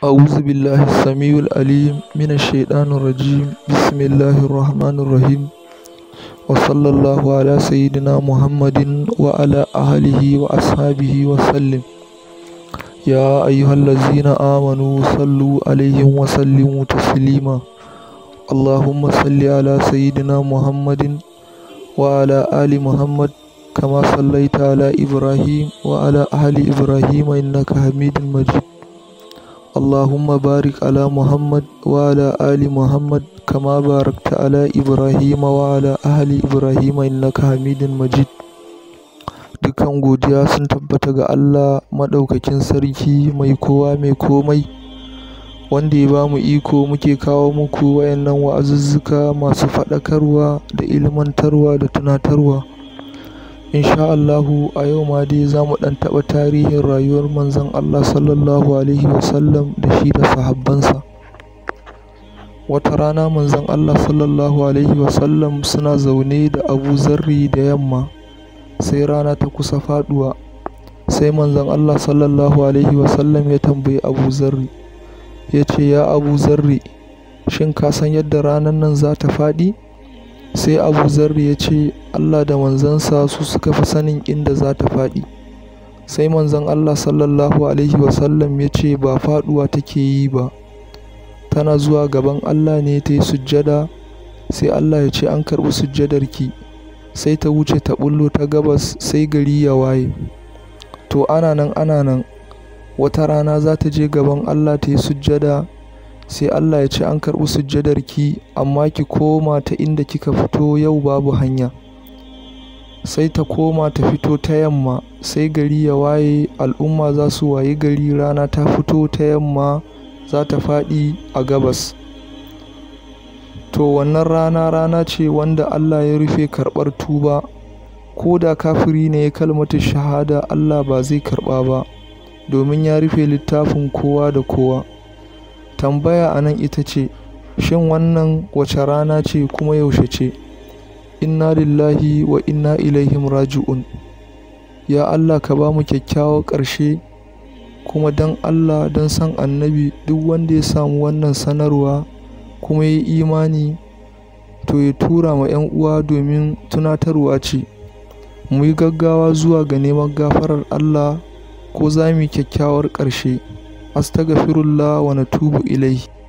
أعوذ بالله السميع العليم من الشيطان الرجيم بسم الله الرحمن الرحيم وصلى الله على سيدنا محمد وعلى أهله وأصحابه وسلم يا أيها الذين آمنوا صلوا عليه وسلموا تسليما اللهم صل على سيدنا محمد وعلى آل محمد كما صليت على إبراهيم وعلى أهل إبراهيم إنك حميد مجيد اللهم بارك على محمد وعلى آل محمد كما باركت على إبراهيم وعلى أهل إبراهيم إنك حميد مجيد Dukkan godiya sun tabbata ga Allah maɗaukakin sarki mai kowa mai komai wanda ya bamu iko muke kawo muku wayannan wa'azuzzuka masu faɗakarwa da ilmantarwa da tunatarwa insha Allahu a yau ma dai za mu ɗan taɓa tarihin rayuwar manzon Allah sallallahu alaihi wasallam da shi da sahabbansa wata rana manzon Allah sallallahu alaihi wasallam suna zaune da Abu Zarri da yamma sai rana ta kusa faɗuwa sai manzon Allah sallallahu alaihi wasallam ya tambayi Abu Zarri ya ce ya Abu Zarri shin ka san yadda ranar nan za ta faɗi sai abu zar ya ce allah da manzansa su suka fi sanin inda za ta faɗi sai manzon allah sallallahu alaihi wasallam ya ce ba faɗuwa take yi ba tana zuwa gaban allah ne ta yi sujjada sai allah ya ce an karɓi ki. sai ta wuce ta bullo ta gabas sai gari ya waye to ana nan ana nan wata rana za ta je gaban allah ta yi sujjada sai Allah ya ce an karɓi sujjadar ki amma ki koma ta inda kika fito yau babu hanya sai ta koma ta fito ta yamma sai gari ya waye al'umma za su wayi gari rana ta fito ta yamma za ta faɗi a gabas to wannan rana rana ce wanda Allah ya rufe karɓar tuba ko da kafiri ne ya kalmata shahada Allah ba zai karɓa ba domin ya rufe littafin kowa da kowa tambaya a nan ita ce shin wannan wace rana ce kuma yaushe ce inna lillahi wa inna ilaihim raji'un ya allah ka ba mu kyakkyawar ƙarshe kuma don allah don san annabi duk wanda ya samu wannan sanarwa kuma ya imani to ya tura ma 'yan uwa domin tunatarwa ce mu yi gaggawa zuwa ga neman gafarar allah ko za mu yi kyakkyawar ƙarshe astaghfirullah wa natubu ilai.